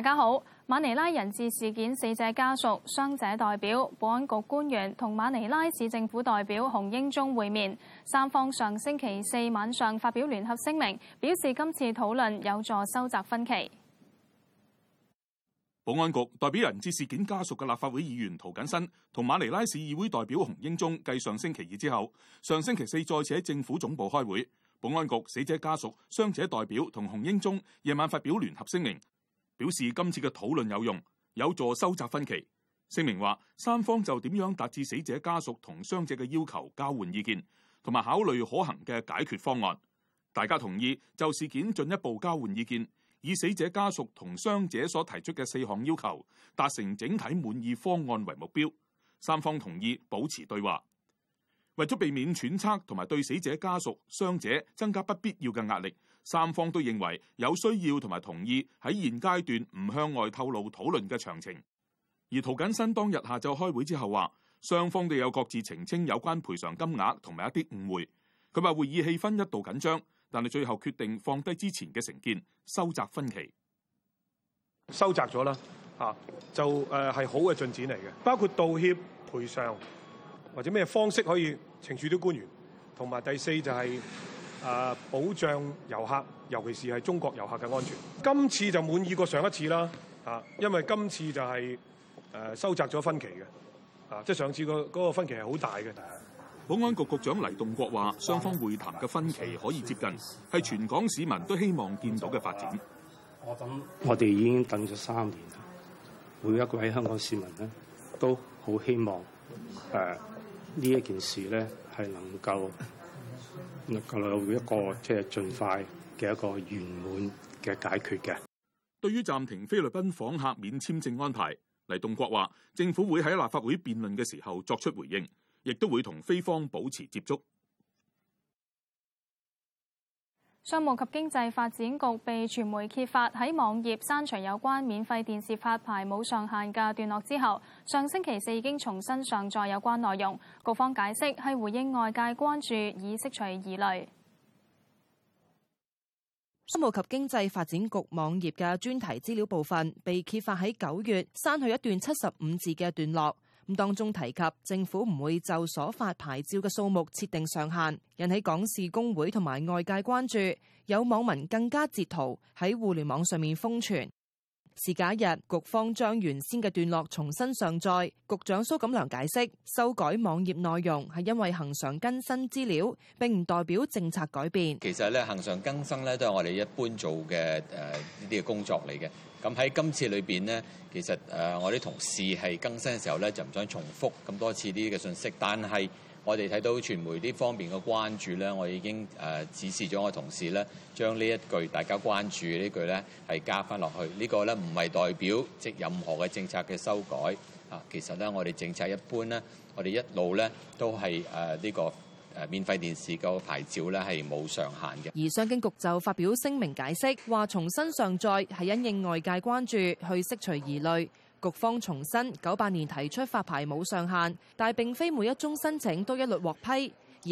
大家好。馬尼拉人質事件死者家屬、傷者代表、保安局官員同馬尼拉市政府代表洪英忠會面，三方上星期四晚上發表聯合聲明，表示今次討論有助收窄分歧。保安局代表人質事件家屬嘅立法會議員涂謹申同馬尼拉市議會代表洪英忠，繼上星期二之後，上星期四再次喺政府總部開會。保安局死者家屬、傷者代表同洪英忠夜晚發表聯合聲明，表示今次嘅討論有用，有助收窄分歧。聲明話，三方就點樣達至死者家屬同傷者嘅要求交換意見，同埋考慮可行嘅解決方案。大家同意就事件進一步交換意見，以死者家屬同傷者所提出嘅四項要求達成整體滿意方案為目標。三方同意保持對話，為咗避免揣測同埋對死者家屬、傷者增加不必要嘅壓力。三方都認為有需要同埋同意喺現階段唔向外透露討論嘅詳情。而涂謹申當日下晝開會之後話，雙方都有各自澄清有關賠償金額同埋一啲誤會。佢話會議氣氛一度緊張，但係最後決定放低之前嘅成見，收窄分歧。收窄咗啦，啊就誒係、呃、好嘅進展嚟嘅，包括道歉、賠償或者咩方式可以懲處啲官員，同埋第四就係、是。啊！保障遊客，尤其是係中國遊客嘅安全。今次就滿意過上一次啦，啊！因為今次就係誒收窄咗分歧嘅，啊！即係上次個嗰分歧係好大嘅。保安局局長黎棟國話：雙方會談嘅分歧可以接近，係全港市民都希望見到嘅發展。我等我哋已經等咗三年啦，每一位香港市民咧都好希望誒呢、呃、一件事咧係能夠。我嘅一個即係盡快嘅一個圓滿嘅解決嘅。對於暫停菲律賓訪客免簽證安排，黎棟國話政府會喺立法會辯論嘅時候作出回應，亦都會同菲方保持接觸。商務及經濟發展局被傳媒揭發喺網頁刪除有關免費電視發牌冇上限嘅段落之後，上星期四已經重新上載有關內容。局方解釋係回應外界關注，以釋除疑慮。商務及經濟發展局網頁嘅專題資料部分被揭發喺九月刪去一段七十五字嘅段落。咁當中提及政府唔會就所發牌照嘅數目設定上限，引起港視工會同埋外界關注。有網民更加截圖喺互聯網上面瘋傳。時隔一日，局方將原先嘅段落重新上載。局長蘇錦樑解釋，修改網頁內容係因為恒常更新資料，並唔代表政策改變。其實咧，恒常更新咧都係我哋一般做嘅呢啲嘅工作嚟嘅。咁喺今次裏邊咧，其實誒我啲同事係更新嘅時候咧，就唔想重複咁多次啲嘅信息。但係我哋睇到傳媒呢方面嘅關注咧，我已經誒、呃、指示咗我同事咧，將呢一句大家關注的句呢句咧係加翻落去。這個、呢個咧唔係代表即任何嘅政策嘅修改啊。其實咧，我哋政策一般咧，我哋一路咧都係誒呢個。免費電視個牌照咧係冇上限嘅，而商經局就發表聲明解釋話，重新上載係因應外界關注去釋除疑慮。局方重申，九八年提出發牌冇上限，但並非每一宗申請都一律獲批，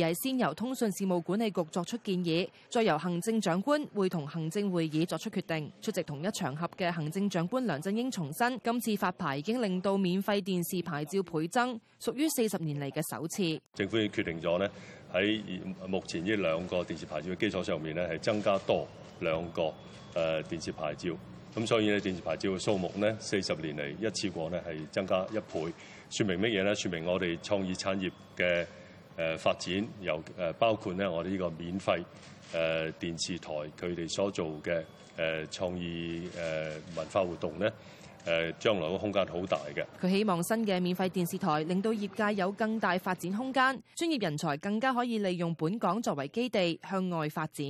而係先由通訊事務管理局作出建議，再由行政長官會同行政會議作出決定。出席同一場合嘅行政長官梁振英重申，今次發牌已經令到免費電視牌照倍增，屬於四十年嚟嘅首次。政府決定咗咧。喺目前呢兩個電視牌照嘅基礎上面咧，係增加多兩個誒電視牌照。咁所以咧，電視牌照嘅數目咧，四十年嚟一次過咧，係增加一倍。說什麼呢，説明乜嘢咧？説明我哋創意產業嘅誒發展，由誒包括咧我哋呢個免費誒電視台佢哋所做嘅誒創意誒文化活動咧。誒，將來嘅空間好大嘅。佢希望新嘅免費電視台令到業界有更大發展空間，專業人才更加可以利用本港作為基地向外發展。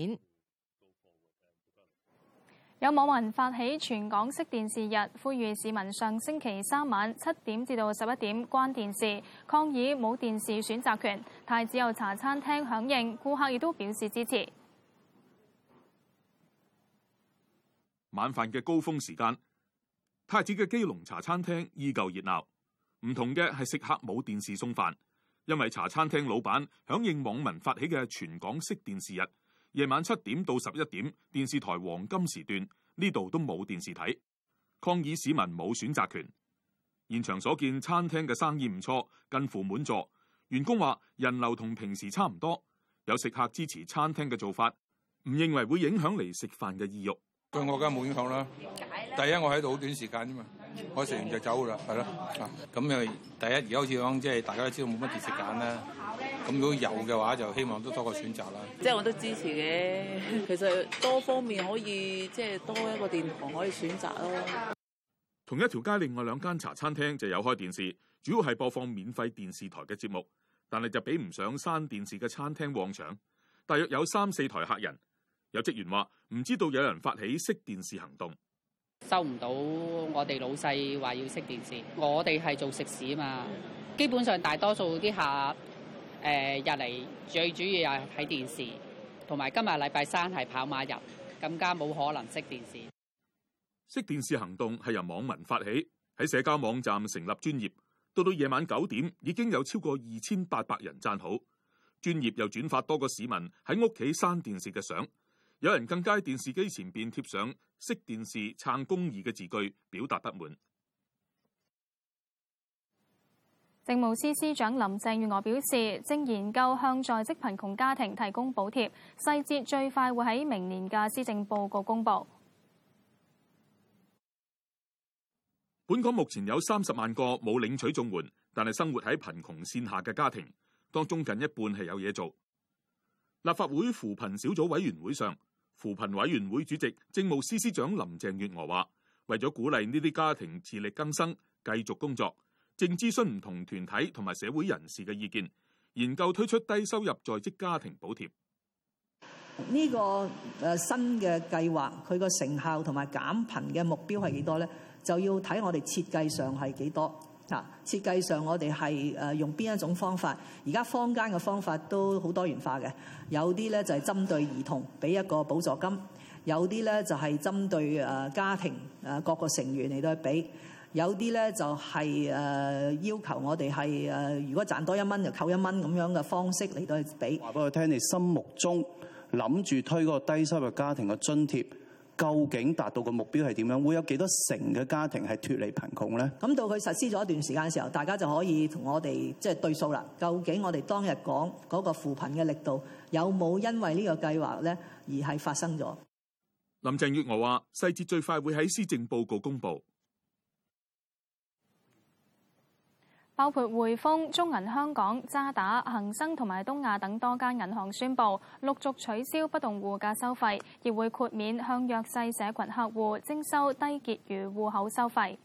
有網民發起全港熄電視日，呼籲市民上星期三晚七點至到十一點關電視，抗議冇電視選擇權。太子有茶餐廳響應，顧客亦都表示支持。晚飯嘅高峰時間。太子嘅基隆茶餐廳依舊熱鬧，唔同嘅係食客冇電視送飯，因為茶餐廳老闆響應網民發起嘅全港熄電視日，夜晚七點到十一點電視台黃金時段呢度都冇電視睇，抗議市民冇選擇權。現場所見餐廳嘅生意唔錯，近乎滿座。員工話人流同平時差唔多，有食客支持餐廳嘅做法，唔認為會影響嚟食飯嘅意欲。對我梗冇影響啦。第一，我喺度好短時間啫嘛，我食完就走啦，係咯。咁又第一而家好似講，即係大家都知道冇乜電視揀啦。咁如果有嘅話，就希望都多個選擇啦。即係我都支持嘅，其實多方面可以即係多一個電台可以選擇咯。同一條街另外兩間茶餐廳就有開電視，主要係播放免費電視台嘅節目，但係就比唔上山電視嘅餐廳旺場，大約有三四台客人。有職員話唔知道有人發起熄電視行動。收唔到，我哋老細話要熄電視，我哋係做食肆啊嘛，基本上大多數啲客誒入嚟最主要係睇電視，同埋今日禮拜三係跑馬日，更加冇可能熄電視。熄電視行動係由網民發起，喺社交網站成立專頁，到到夜晚九點已經有超過二千八百人讚好，專頁又轉發多個市民喺屋企閂電視嘅相。有人更加喺電視機前邊貼上“熄電視撐公義”嘅字句，表達不滿。政務司司長林鄭月娥表示，正研究向在職貧窮家庭提供補貼，細節最快會喺明年嘅施政報告公布。本港目前有三十萬個冇領取綜援，但係生活喺貧窮線下嘅家庭當中，近一半係有嘢做。立法會扶貧小組委員會上。扶貧委員會主席政務司司長林鄭月娥話：為咗鼓勵呢啲家庭自力更生，繼續工作，正諮詢唔同團體同埋社會人士嘅意見，研究推出低收入在職家庭補貼。呢、這個誒新嘅計劃，佢個成效同埋減貧嘅目標係幾多咧？就要睇我哋設計上係幾多。嗱，設計上我哋係誒用邊一種方法？而家坊間嘅方法都好多元化嘅，有啲咧就係針對兒童俾一個補助金，有啲咧就係針對誒家庭誒各個成員嚟到去俾，有啲咧就係誒要求我哋係誒如果賺多一蚊就扣一蚊咁樣嘅方式嚟到去俾。話俾我聽，你心目中諗住推嗰個低收入家庭嘅津貼？究竟達到個目標係點樣？會有幾多成嘅家庭係脫離貧窮咧？咁到佢實施咗一段時間嘅時候，大家就可以同我哋即係對數啦。究竟我哋當日講嗰個扶貧嘅力度有冇因為呢個計劃咧而係發生咗？林鄭月娥話：細節最快會喺施政報告公布。包括匯豐、中銀香港、渣打、恒生同埋東亞等多間銀行宣布，陸續取消不動戶賬收費，亦會豁免向弱勢社群客戶徵收低結餘戶口收費。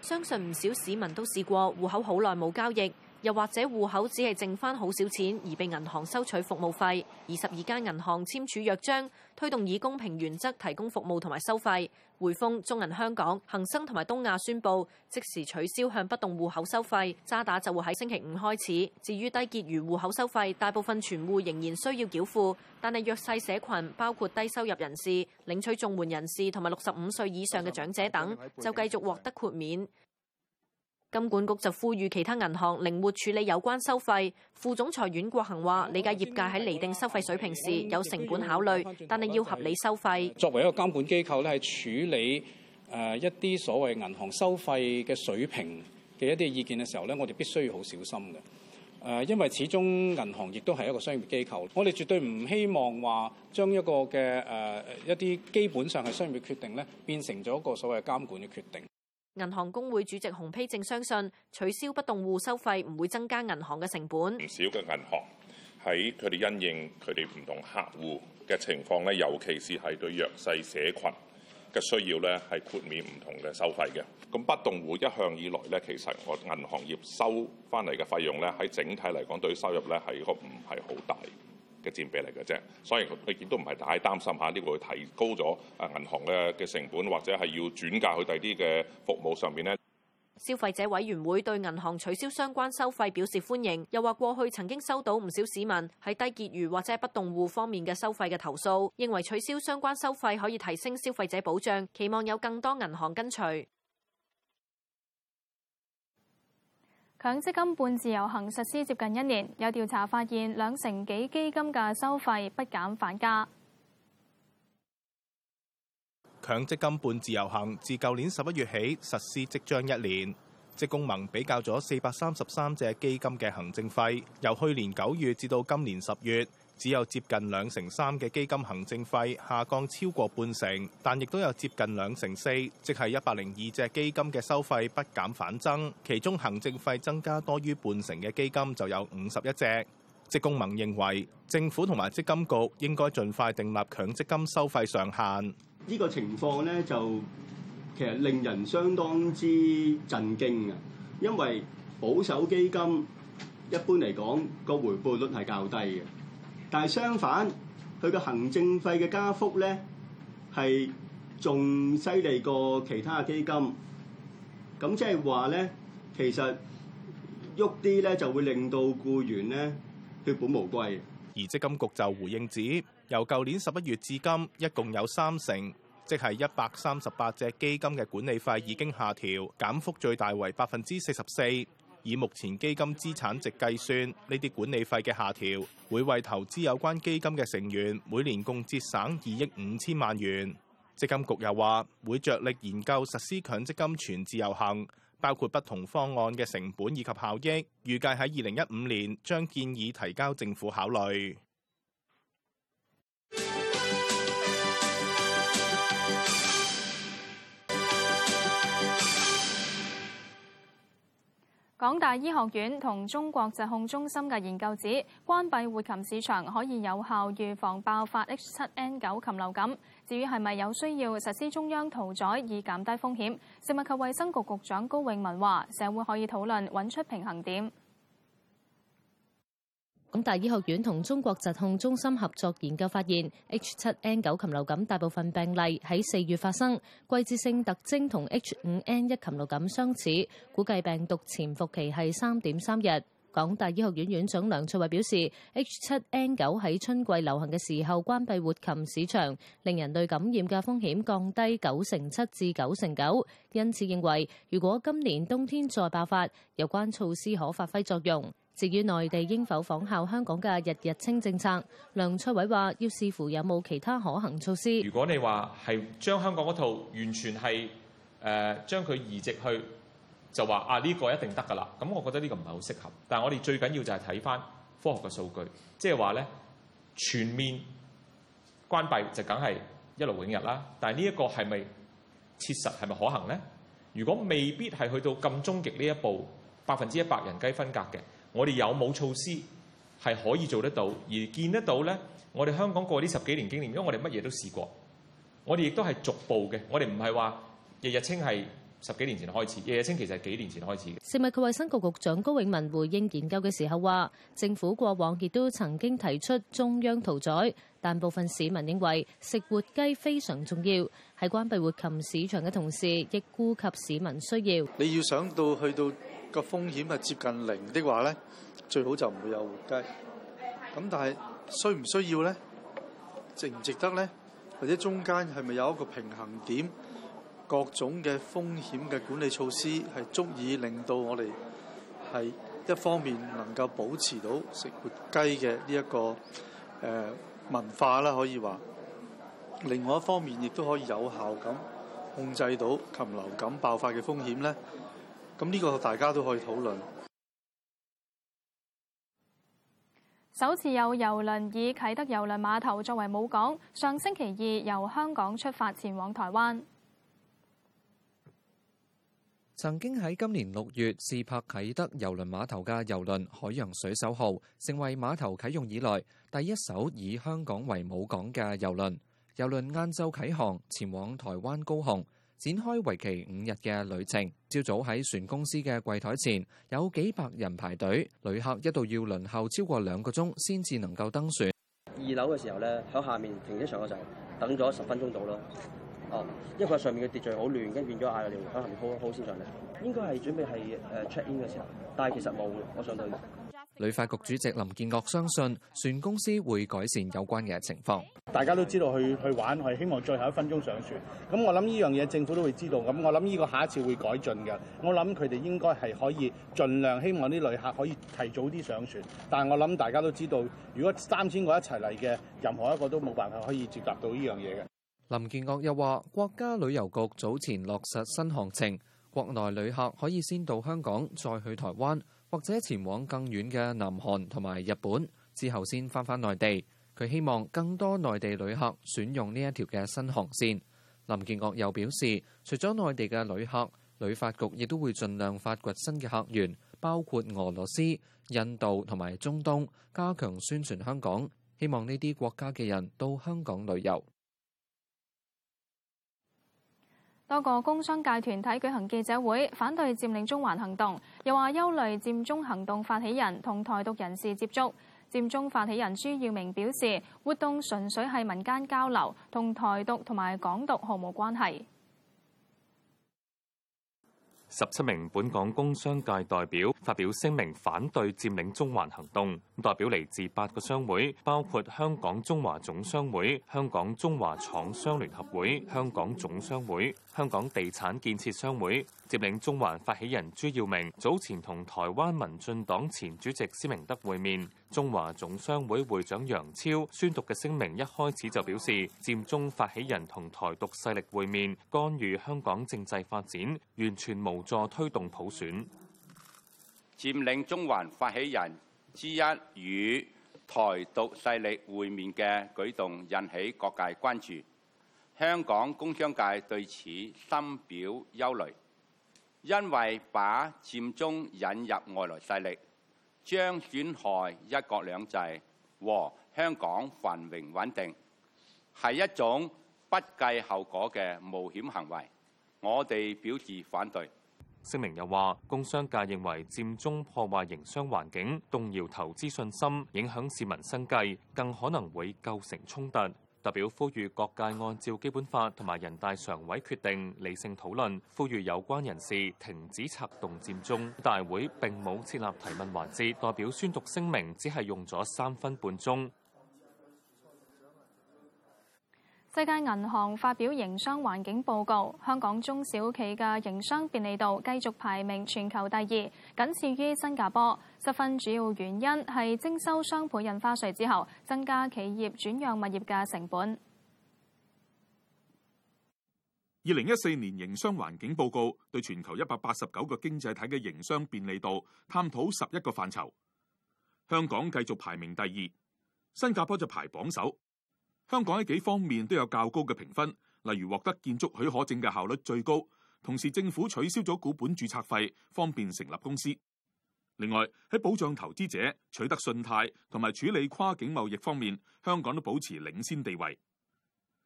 相信唔少市民都試過，戶口好耐冇交易。又或者戶口只係剩翻好少錢，而被銀行收取服務費。二十二間銀行簽署約章，推動以公平原則提供服務同埋收費。回覆中銀香港、恒生同埋東亞宣布，即時取消向不動戶口收費。渣打就會喺星期五開始。至於低結餘戶口收費，大部分存戶仍然需要繳付，但係弱勢社群，包括低收入人士、領取綜援人士同埋六十五歲以上嘅長者等，就繼續獲得豁免。金管局就呼籲其他銀行靈活處理有關收費。副總裁阮國恒話：，理解業界喺厘定收費水平時有成本考慮，但係要合理收費。作為一個監管機構咧，係處理誒一啲所謂銀行收費嘅水平嘅一啲意見嘅時候咧，我哋必須要好小心嘅。誒，因為始終銀行亦都係一個商業機構，我哋絕對唔希望話將一個嘅誒一啲基本上係商業決定咧，變成咗一個所謂監管嘅決定。銀行公會主席洪丕正相信取消不動戶收費唔會增加銀行嘅成本。唔少嘅銀行喺佢哋因應佢哋唔同客戶嘅情況咧，尤其是係對弱勢社群嘅需要咧，係豁免唔同嘅收費嘅。咁不動戶一向以來咧，其實我銀行業收翻嚟嘅費用咧，喺整體嚟講對收入咧係個唔係好大。嘅佔比嚟嘅啫，所以佢亦都唔係太擔心下呢個會提高咗啊銀行嘅嘅成本，或者係要轉嫁去第啲嘅服務上面咧。消費者委員會對銀行取消相關收費表示歡迎，又話過去曾經收到唔少市民喺低結餘或者不動戶方面嘅收費嘅投訴，認為取消相關收費可以提升消費者保障，期望有更多銀行跟隨。強積金半自由行實施接近一年，有調查發現兩成幾基金嘅收費不減反加。強積金半自由行自舊年十一月起實施，即將一年。職工盟比較咗四百三十三隻基金嘅行政費，由去年九月至到今年十月。只有接近兩成三嘅基金行政費下降超過半成，但亦都有接近兩成四，即係一百零二隻基金嘅收費不減反增。其中行政費增加多於半成嘅基金就有五十一隻。職工盟認為政府同埋積金局應該盡快訂立強積金收費上限。呢個情況咧，就其實令人相當之震驚啊！因為保守基金一般嚟講個回報率係較低嘅。但係相反，佢個行政費嘅加幅咧係仲犀利過其他嘅基金。咁即係話咧，其實喐啲咧就會令到僱員咧血本無歸。而積金局就回應指，由舊年十一月至今，一共有三成，即係一百三十八隻基金嘅管理費已經下調，減幅最大為百分之四十四。以目前基金資產值計算，呢啲管理費嘅下調會為投資有關基金嘅成員每年共節省二億五千萬元。積金局又話會着力研究實施強積金全自由行，包括不同方案嘅成本以及效益，預計喺二零一五年將建議提交政府考慮。港大醫學院同中國疾控中心嘅研究指，關閉活禽市場可以有效預防爆發 H7N9 禽流感。至於係咪有需要實施中央屠宰以減低風險，食物及衛生局局長高永文話：社會可以討論，揾出平衡點。港大醫學院同中國疾控中心合作研究發現，H7N9 禽流感大部分病例喺四月發生，季節性特徵同 H5N1 禽流感相似，估計病毒潛伏期係三點三日。港大醫學院院長梁卓偉表示，H7N9 喺春季流行嘅時候關閉活禽市場，令人類感染嘅風險降低九成七至九成九，因此認為如果今年冬天再爆發，有關措施可發揮作用。至於內地應否仿效香港嘅日日清政策，梁卓偉話：要視乎有冇其他可行措施。如果你話係將香港嗰套完全係誒將佢移植去，就話啊呢個一定得㗎啦。咁我覺得呢個唔係好適合。但係我哋最緊要就係睇翻科學嘅數據，即係話咧全面關閉就梗係一勞永逸啦。但係呢一個係咪切實係咪可行咧？如果未必係去到咁終極呢一步，百分之一百人雞分隔嘅。我哋有冇措施係可以做得到，而見得到咧？我哋香港過呢十幾年經驗，因為我哋乜嘢都試過，我哋亦都係逐步嘅。我哋唔係話日日清係十幾年前開始，日日清其實係幾年前開始嘅。食物及衞生局局長高永文回應研究嘅時候話，政府過往亦都曾經提出中央屠宰，但部分市民認為食活雞非常重要，喺關閉活禽市場嘅同時亦顧及市民需要。你要想到去到。個風險係接近零的話呢，最好就唔會有活雞。咁但係需唔需要呢？值唔值得呢？或者中間係咪有一個平衡點？各種嘅風險嘅管理措施係足以令到我哋係一方面能夠保持到食活雞嘅呢一個誒文化啦，可以話。另外一方面亦都可以有效咁控制到禽流感爆發嘅風險呢。咁、這、呢個大家都可以討論。首次有郵輪以啟德郵輪碼頭作為母港，上星期二由香港出發前往台灣。曾經喺今年六月試拍啟德郵輪碼頭嘅郵輪海洋水手號，成為碼頭啟用以來第一艘以香港為母港嘅郵輪。郵輪晏晝啟航前往台灣高雄。展開為期五日嘅旅程。朝早喺船公司嘅櫃台前有幾百人排隊，旅客一度要輪候超過兩個鐘先至能夠登船。二樓嘅時候咧，喺下面停車場嘅時候等咗十分鐘到咯。哦、啊，因為上面嘅秩序好亂，跟住變咗嗌我哋翻下面好好先上嚟。應該係準備係誒 check in 嘅時候，但係其實冇，我上到。旅發局主席林建岳相信船公司會改善有關嘅情況。大家都知道去去玩係希望最後一分鐘上船，咁我諗呢樣嘢政府都會知道，咁我諗呢個下一次會改進嘅。我諗佢哋應該係可以盡量希望啲旅客可以提早啲上船，但係我諗大家都知道，如果三千個一齊嚟嘅，任何一個都冇辦法可以接納到呢樣嘢嘅。林建岳又話：國家旅遊局早前落實新航程，國內旅客可以先到香港再去台灣。或者前往更遠嘅南韓同埋日本，之後先翻返內地。佢希望更多內地旅客選用呢一條嘅新航線。林建岳又表示，除咗內地嘅旅客，旅發局亦都會盡量發掘新嘅客源，包括俄羅斯、印度同埋中東，加強宣傳香港，希望呢啲國家嘅人到香港旅遊。多個工商界團體舉行記者會，反對佔領中環行動，又話憂慮佔中行動發起人同台獨人士接觸。佔中發起人朱耀明表示，活動純粹係民間交流，同台獨同埋港獨毫無關係。十七名本港工商界代表發表聲明，反對佔領中環行動。代表嚟自八個商會，包括香港中華總商會、香港中華廠商聯合會、香港總商會。香港地產建設商會。佔領中環發起人朱耀明早前同台灣民進黨前主席施明德會面，中華總商會會長楊超宣讀嘅聲明一開始就表示，佔中發起人同台獨勢力會面，干預香港政制發展，完全無助推動普選。佔領中環發起人之一與台獨勢力會面嘅舉動引起各界關注。香港工商界對此深表憂慮，因為把佔中引入外來勢力，將損害一國兩制和香港繁榮穩定，係一種不計後果嘅冒險行為。我哋表示反對。聲明又話，工商界認為佔中破壞營商環境，動搖投資信心，影響市民生計，更可能會構成衝突。代表呼籲各界按照基本法同埋人大常委決定理性討論，呼籲有關人士停止策動佔中。大會並冇設立提問環節，代表宣讀聲明只係用咗三分半鐘。世界銀行發表營商環境報告，香港中小企嘅營商便利度繼續排名全球第二，僅次於新加坡。失分主要原因係徵收雙倍印花稅之後增加企業轉讓物業嘅成本。二零一四年營商環境報告對全球一百八十九個經濟體嘅營商便利度探討十一個範疇，香港繼續排名第二，新加坡就排榜首。香港喺幾方面都有較高嘅評分，例如獲得建築許可證嘅效率最高，同時政府取消咗股本註冊費，方便成立公司。另外喺保障投資者、取得信貸同埋處理跨境貿易方面，香港都保持領先地位。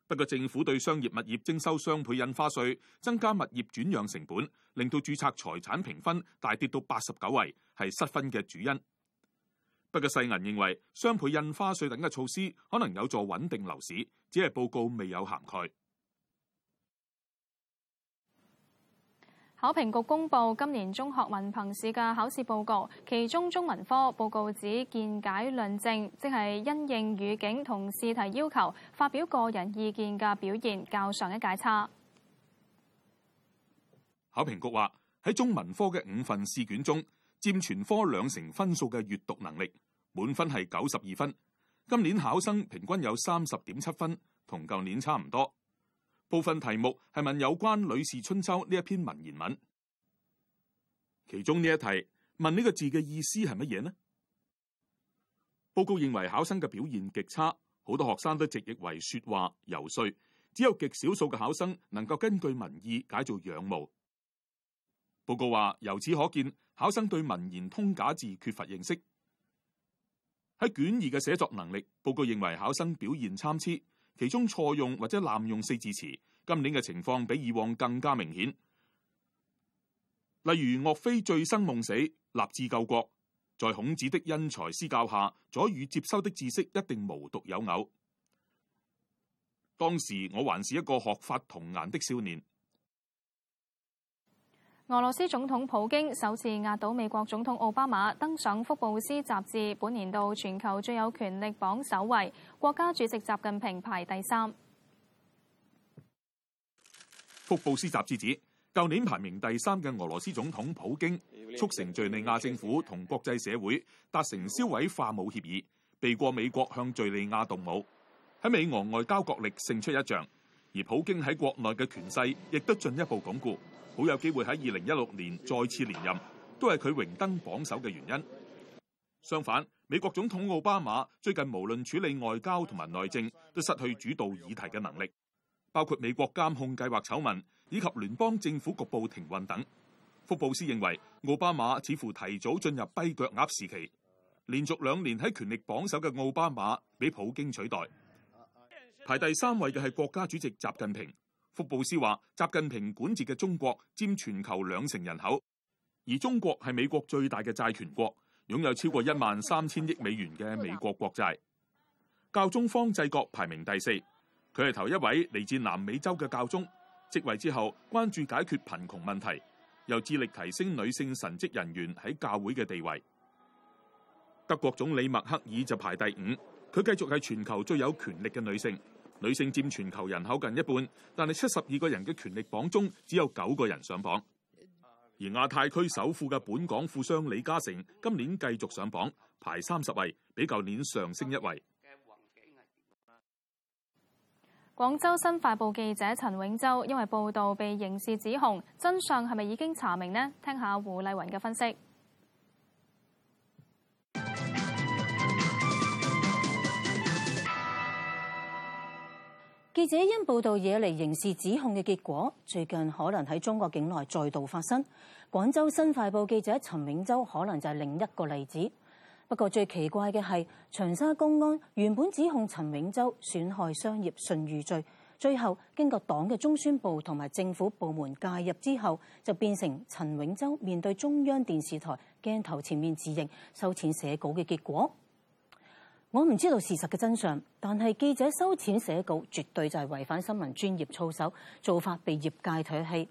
不過政府對商業物業徵收雙倍印花稅，增加物業轉讓成本，令到註冊財產評分大跌到八十九位，係失分嘅主因。嘅世銀認為，雙倍印花稅等嘅措施可能有助穩定樓市，只係報告未有涵蓋。考評局公布今年中學文憑試嘅考試報告，其中中文科報告指，見解論證，即係因應語境同試題要求發表個人意見嘅表現較上一屆差。考評局話喺中文科嘅五份試卷中，佔全科兩成分數嘅閱讀能力，滿分係九十二分，今年考生平均有三十點七分，同舊年差唔多。部分題目係問有關《呂氏春秋》呢一篇文言文，其中呢一題問呢個字嘅意思係乜嘢呢？報告認為考生嘅表現極差，好多學生都直譯為說話、遊說，只有極少數嘅考生能夠根據文意解做仰慕。報告話由此可見，考生對文言通假字缺乏認識。喺卷二嘅寫作能力，報告認為考生表現參差，其中錯用或者濫用四字詞，今年嘅情況比以往更加明顯。例如岳飛醉生夢死、立志救國，在孔子的因材施教下，左羽接收的知識一定無獨有偶。當時我還是一個學法童顏的少年。俄羅斯總統普京首次壓倒美國總統奧巴馬，登上福布斯雜誌本年度全球最有權力榜首位。國家主席習近平排第三。福布斯雜誌指，舊年排名第三嘅俄羅斯總統普京促成敘利亞政府同國際社會達成銷毀化武協議，避過美國向敘利亞動武，喺美俄外交角力勝出一仗，而普京喺國內嘅權勢亦都進一步鞏固。好有機會喺二零一六年再次連任，都係佢榮登榜首嘅原因。相反，美國總統奧巴馬最近無論處理外交同埋內政，都失去主導議題嘅能力，包括美國監控計劃醜聞以及聯邦政府局部停運等。福布斯認為奧巴馬似乎提早進入跛腳鴨時期，連續兩年喺權力榜首嘅奧巴馬俾普京取代，排第三位嘅係國家主席習近平。福布斯話，習近平管治嘅中國佔全球兩成人口，而中國係美國最大嘅債權國，擁有超過一萬三千億美元嘅美國國債。教宗方濟各排名第四，佢係頭一位嚟自南美洲嘅教宗，即位之後關注解決貧窮問題，又致力提升女性神職人員喺教會嘅地位。德國總理默克爾就排第五，佢繼續係全球最有權力嘅女性。女性佔全球人口近一半，但係七十二個人嘅權力榜中只有九個人上榜。而亞太區首富嘅本港富商李嘉誠今年繼續上榜，排三十位，比舊年上升一位。廣州新快報記者陳永洲因為報道被刑事指控，真相係咪已經查明呢？聽下胡麗雲嘅分析。記者因報道惹嚟刑事指控嘅結果，最近可能喺中國境內再度發生。廣州新快報記者陳永洲可能就係另一個例子。不過最奇怪嘅係，長沙公安原本指控陳永洲損害商業信譽罪，最後經過黨嘅中宣部同埋政府部門介入之後，就變成陳永洲面對中央電視台鏡頭前面自認收錢寫稿嘅結果。我唔知道事實嘅真相，但係記者收錢寫稿，絕對就係違反新聞專業操守，做法被業界唾棄。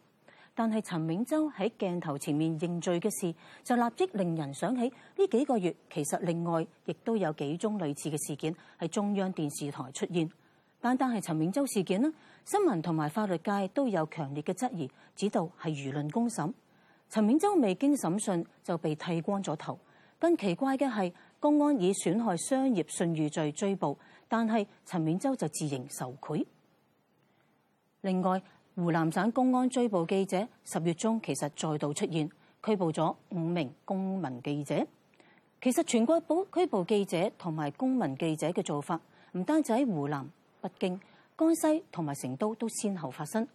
但係陳永洲喺鏡頭前面認罪嘅事，就立即令人想起呢幾個月其實另外亦都有幾宗類似嘅事件喺中央電視台出現。單單係陳永洲事件啦，新聞同埋法律界都有強烈嘅質疑，指導係輿論公審。陳永洲未經審訊就被剃光咗頭，更奇怪嘅係，公安以損害商業信譽罪追捕，但係陳永洲就自認受賄。另外，湖南省公安追捕記者十月中，其實再度出現拘捕咗五名公民記者。其實全國捕拘捕記者同埋公民記者嘅做法，唔單止喺湖南、北京、江西同埋成都都先後發生。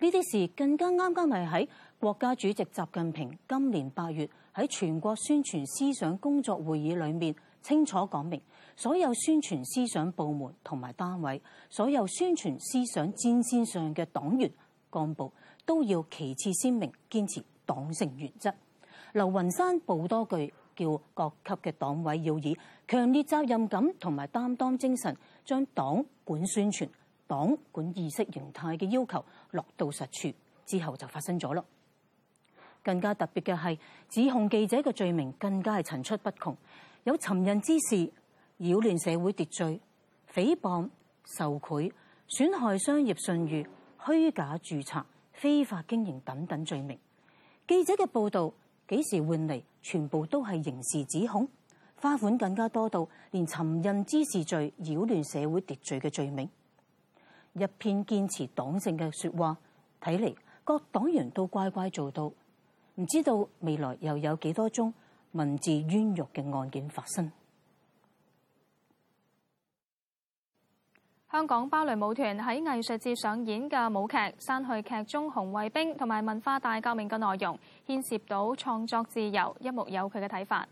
呢啲事更加啱啱係喺。國家主席習近平今年八月喺全國宣傳思想工作會議裏面清楚講明，所有宣傳思想部門同埋單位，所有宣傳思想戰線上嘅黨員幹部都要旗幟鮮明堅黨，堅持黨性原則。劉雲山報多句叫各級嘅黨委要以強烈責任感同埋擔當精神，將黨管宣傳、黨管意識形態嘅要求落到實處。之後就發生咗咯。更加特別嘅係指控記者嘅罪名更加係層出不窮，有尋釁滋事、擾亂社會秩序、誹謗、受賄、損害商業信譽、虛假註冊、非法經營等等罪名。記者嘅報導幾時換嚟？全部都係刑事指控，花款更加多到連尋釁滋事罪、擾亂社會秩序嘅罪名。一片堅持黨性嘅説話，睇嚟各黨員都乖乖做到。唔知道未來又有幾多宗文字冤獄嘅案件發生？香港芭蕾舞團喺藝術節上演嘅舞劇刪去劇中紅衛兵同埋文化大革命嘅內容，牽涉到創作自由，一目有佢嘅睇法。